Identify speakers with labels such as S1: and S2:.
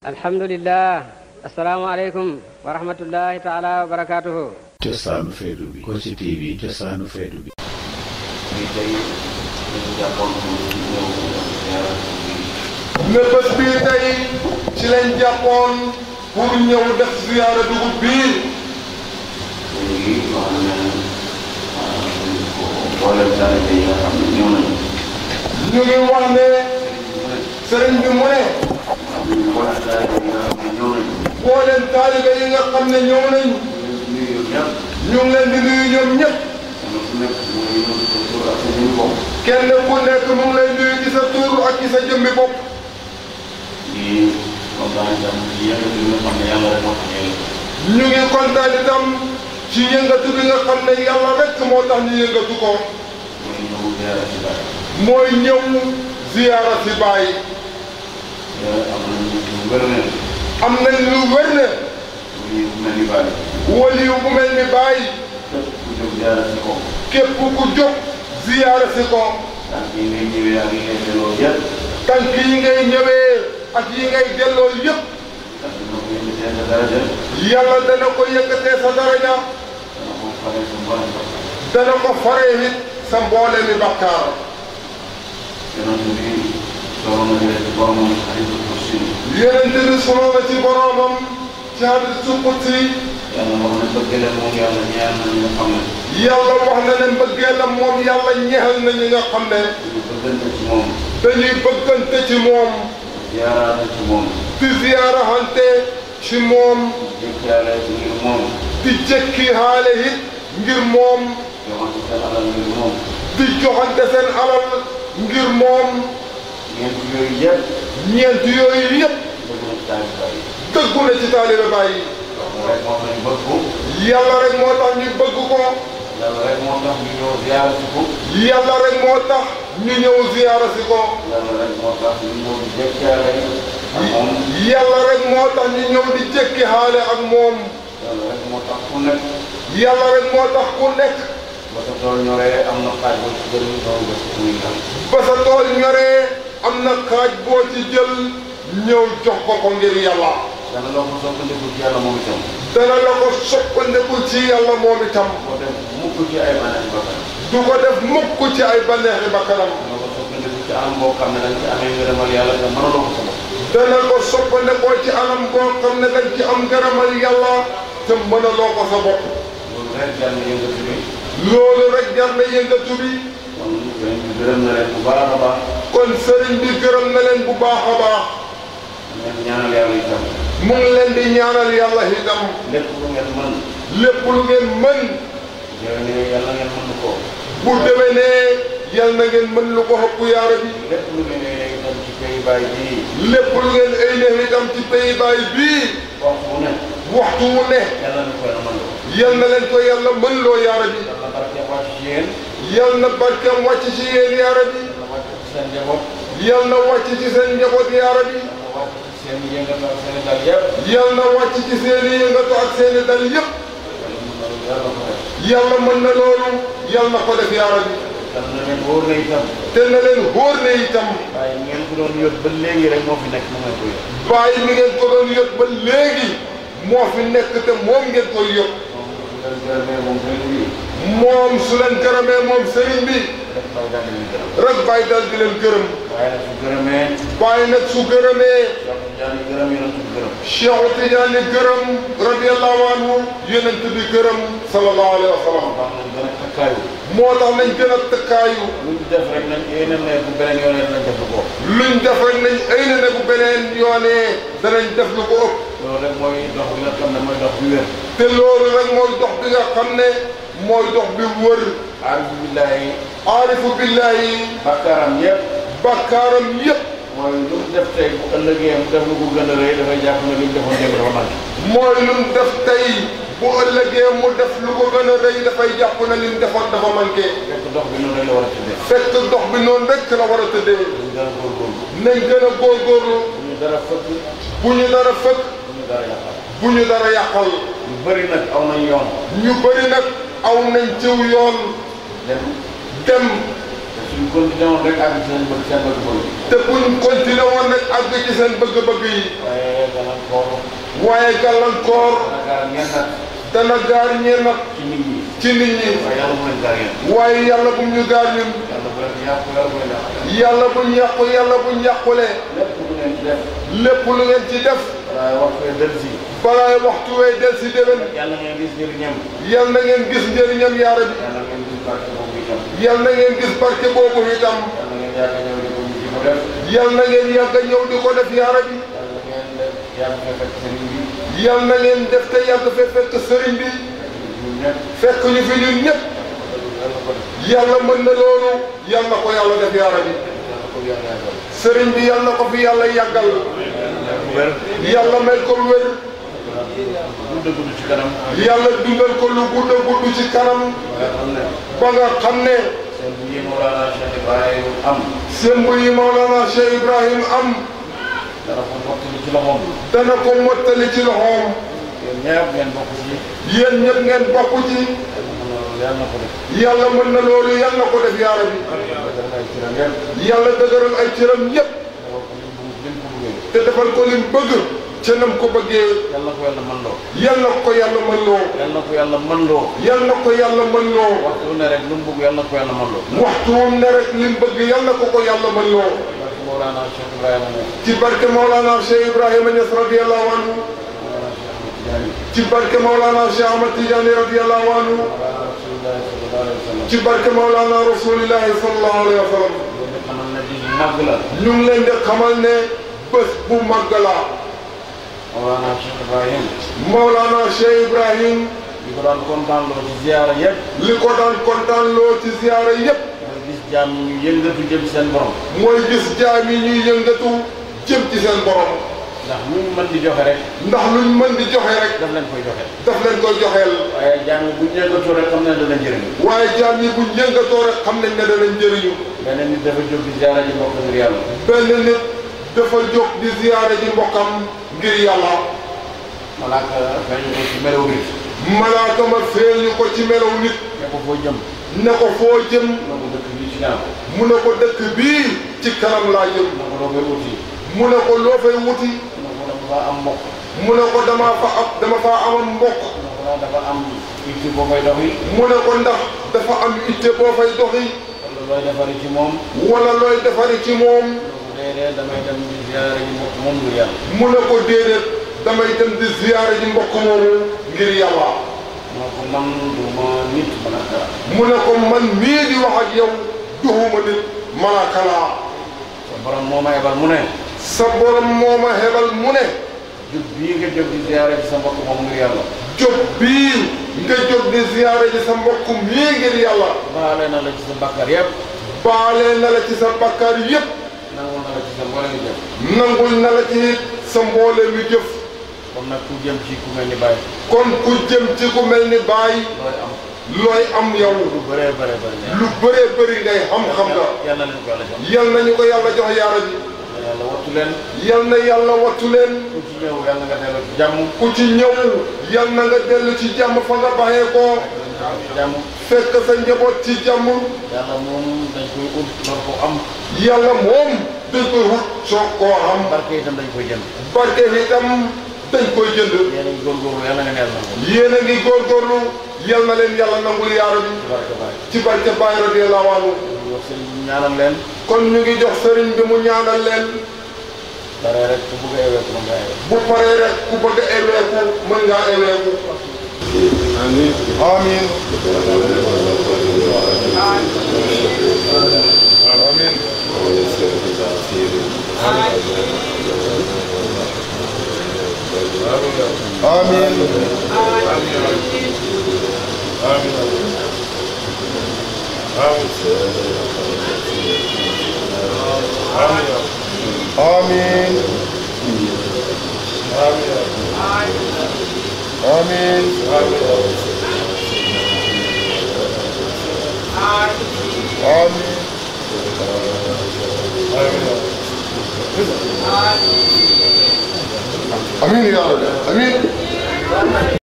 S1: alhamdulilah asalaamualeykum wa rahmatullahi taala wa barakaatuhu cosaanu feetu TV cosaanu feetu bi bi ci lañ mboolem taalibe yi nga xam ne ñëw nañu. ñu ngi leen di nuyu ñoom ñëpp. kenn ku nekk mu ngi lay nuyu ci sa tur ak ci sa jëmmi bopp. ñu ngi kontaan itam ci yëngatu bi nga xam ne yàlla rek moo tax ñu yëngatu ko. mooy ñëw ziyaara si baay. am nañ lu wër na. waliyu bu mel ni baay. waliyu bu mel ni baay. képp ku jóg ziyaara si ko. képp ku jóg ziyaara si ko. tànk yi ngay ñëwee ak yi ngay delloo yëpp. tànk yi ngay ñëwee ak yi ngay delloo yëpp. yàlla dana ko yëkkatee sa daraja. dana ko faree it sa mboole mi bakkaar. يندل صلابة برامم تهدد سقطي يلا وحنا نبقى لمهم يلا نيهلنا نيقلنا بني بقن تجموم في زيارة هنت شموم تجكي هاله نجرموم تجكي هاله نجرموم تجكي هاله نجرموم ñeent yooyu yëpp. ñeent yooyu yëpp. dëggu na ci taalibe bàyyi. yàlla rek moo tax ñu bëgg ko. yàlla rek moo tax ñu ñëw ziyaara si ko. yàlla rek ko. yàlla rek moo tax ñu ñëw di jëkkaale ak moom. yàlla rek moo tax ak moom. ba sa tool ñoree am xaaj boo ci jël ñëw jox ko ko ngir yàlla. dana la ko soppandikul ci yàlla moom itam. dana la ko soppandikul ci yàlla moom itam. du ko def mukk ci ay bànneexi bakkanam. du ko def mukk ci ay bànneexi bakkanam. dana ko soppandikul ci anam boo xam ne ci amee ngërëmal yàlla te mënuloo ko sama. dana ko soppandikoo ci anam boo xam ne dañ sa bopp. loolu rek jar yëngatu bi. loolu rek jar yëngatu bi. kon sëriñ bi gërëm na leen bu baax a baax. kon sëriñ bi gërëm na leen bu baax a baax. mu leen di ñaanal yàlla itam. mu ngi leen di ñaanal yàlla itam. lépp lu ngeen mën. lépp lu ngeen na ngeen mën lu ko xëpp yaara bi. lépp lu ngeen ay baay bii. lépp lu ngeen ay neex ci pays baay bii. waxtu wu ne. na ko yàlla mën na mën loo yaara bi. ci yéen. yal na barkeem wàcc ci yéen yaa rabbi. yal na wàcc ci seen njaboot. yal na wàcc ci seen njaboot yaa rabbi. yal na wàcc ci seen i yëngatu ak seen dal yëpp. yal na mën na loolu. yal na ko def te na leen wóor na itam. te na leen wóor na itam. waaye mi ngeen ko doon ba léegi rek moo fi nekk mu ngeen te moom ngeen koy yót. moom su leen gërëmee moom sëriñ bi. rek bàyyi daal di leen gërëm. waaye nag su gërëmee. waaye nag su gërëmee. Cheikh Tidiane gërëm radiyallahu anhu yonent bi gërëm sallallahu alayhi wa sallam. moo tax nañ gën a tëkkaayu. luñ def rek nañ ay na ne bu beneen yoonee danañ def lu ko ëpp. luñ def rek nañ ay na ne bu beneen yoonee danañ def lu ko ëpp. loolu rek mooy dox bi la mooy dox bi wér. te loolu nag mooy dox bi nga xam ne mooy dox bi wër. aarifu billaahi. aarifu billaahi. bakkaaram yëpp. bakkaaram yëpp. mooy lu mu def tey bu ëllëgee mu def lu ko gën a rëy dafay jàpp ne li mu defoon démb dafa manqué. mooy lu mu def tey bu ëllëgee mu def lu ko gën a rëy dafay jàpp ne li mu defoon dafa manqué. fekk dox bi noonu rek la war a tëddee. fekk dox bi noonu rek la war a tëddee. nañ gën a góorgóorlu. nañ gën a góorgóorlu. bu ñu dara fëkk. bu ñu dara fëkk. bu ñu dara bu ñu dara yàqal ñu bëri nag aw nañ yoon ñu bëri nag aw nañ ciw yoon dem dem te suñ continué woon rek àgg ci seen bëgg seen bëgg-bëgg yi te buñ continué woon rek àgg ci seen bëgg-bëgg yi waaye gàllankoor waaye gàllankoor dana gaar ñeen nag ci nit ñi ci nit ñi waaye yàlla bu ñu gaar ñun yàlla buñ yàqu yàlla buñ yàqule lépp lu ngeen ci def lépp lu ngeen ci def balaa waxtu way si déwén. yal na ngeen gis njëriñam. yal na ngeen gis njëriñam yaa rabbi. yal na ngeen gis barke boobu itam. yal na ngeen yàgg a ñëw di ko def yaa rabbi. yal na ngeen def te yàgg fekk sëriñ bi. fekk ñu fi ñun ñëpp. yàlla mën na loolu. yal na ko yàlla def yaa rabbi. sëriñ bi yal na ko fi yàlla yàggal. yàlla may ko wér. gudd a gudd ci kanam. yàlla dundal ko lu gudd a gudd ci kanam. ba nga xam ne. seen bu yi Mawlana Cheikh Ibrahim am. seen bu yi Mawlana Cheikh Ibrahim am. dana ko mottali ci loxoom. dana ko mottali ci loxoom. yéen ñëpp ngeen bokk ci. yéen ñëpp ngeen bokk ci. yàlla mën na loolu yàlla na ko def yaara bi. yàlla dëgëral ay cëram te defal ko lim ca nam ko bëggee. yal na ko yàlla mën loo. yal na ko yàlla mën loo. yal na ko yàlla mën loo. yal na ko yàlla mën loo. waxtu wu ne rek lu mu bëgg yal na ko yàlla mën loo. waxtu wu ne rek li mu bëgg yal na ko ko yàlla mën loo. ci barke Mawlana Cheikh Ibrahima Niass radiyallahu anhu. ci barke Mawlana Cheikh Ahmad Tidiane radiyallahu anhu. ci barke Mawlana Rasulillahi sallallahu alayhi wa sallam. ñu ngi leen di xamal ne bés bu màgg la. Mawlana Cheikh Ibrahim. Mawlana Cheikh Ibrahim. li ko daan kontaan loo ci ziyaara yëpp. li ko daan kontaan loo ci ziyaara yëpp. mooy gis jaam yi ñuy yëngatu jëm ci seen borom. mooy gis jaam yi ñuy yëngatu jëm ci seen borom. ndax luñ mën di joxe rek. ndax luñ mën di joxe rek. daf leen koy joxe. daf leen koy joxeel. waaye jaam yi buñ yëngatoo rek xam nañ ne dana njëriñu. waaye jaam yi buñ yëngatoo rek xam nañ ne dana njëriñu. benn nit dafa jóg di ziyaara ji mbokkam ngir yàlla. benn nit dafa jóg di ziyaara ji mbokkam ngir yàlla malaaka ma feeñu ko ci melaw nit ne ko foo jëm ne ko foo jëm mu ne ko dëkk bii ci kanam laa jëm ne ko loo fay wuti mu ne ko dama faa am mbokk mu ne ko dama fa am dama boo fay doxi mu ne ko ndax dafa am itte boo fay doxi wala looy defari ci moom déedéet damay ko déedéet damay dem di ziyaare ji mbokk moomu ngir yàlla. mu ko man du ma nit mën a kala. mu ne ko man mii di wax ak yow duxuma nit a kala. sa borom moo ma hebal mu hebal mu ne. jóg moom ngir yàlla. jóg bii nga jóg di ziyaare ji sa mbokk mii ngir nangul na la ci sa mboole lu jëf. kon nag ku jëm ci ku mel ni baay. kon ku jëm ci ku mel ni baay. looy am looy yow. lu bëree bëri bëri. lu bëree bëri ngay xam-xam na leen ko yàlla jox yal nañu ko yàlla jox yaara bi. yàlla wattu leen. yal na yàlla wattu leen. ku ci ñëw yal na nga dellu ci jàmm. ku na nga dellu ci jàmm fa nga baxee ko. fekk sa njaboot ci jàmm. yàlla moom dañ koy ut lor ko am. yàlla moom. dañ koy wut soo koo xam. barke itam dañ koy jënd. barke bi itam dañ koy jënd. yéen a ngi góorgóorlu yàlla na leen yàlla nangul. yéen a ngi na leen yàlla nangul yaaro bi. ci barke Baay radiyallaahu anhu. ñu jox mu leen. kon ñu ngi jox sëriñ bi mu ñaanal leen. paree rek ku bëgg a éweeku ngaa éweeku. bu paree Amen. Amen. Amen. Amen. Amen. Amen. Amen. Amen. अमीन याद अमीन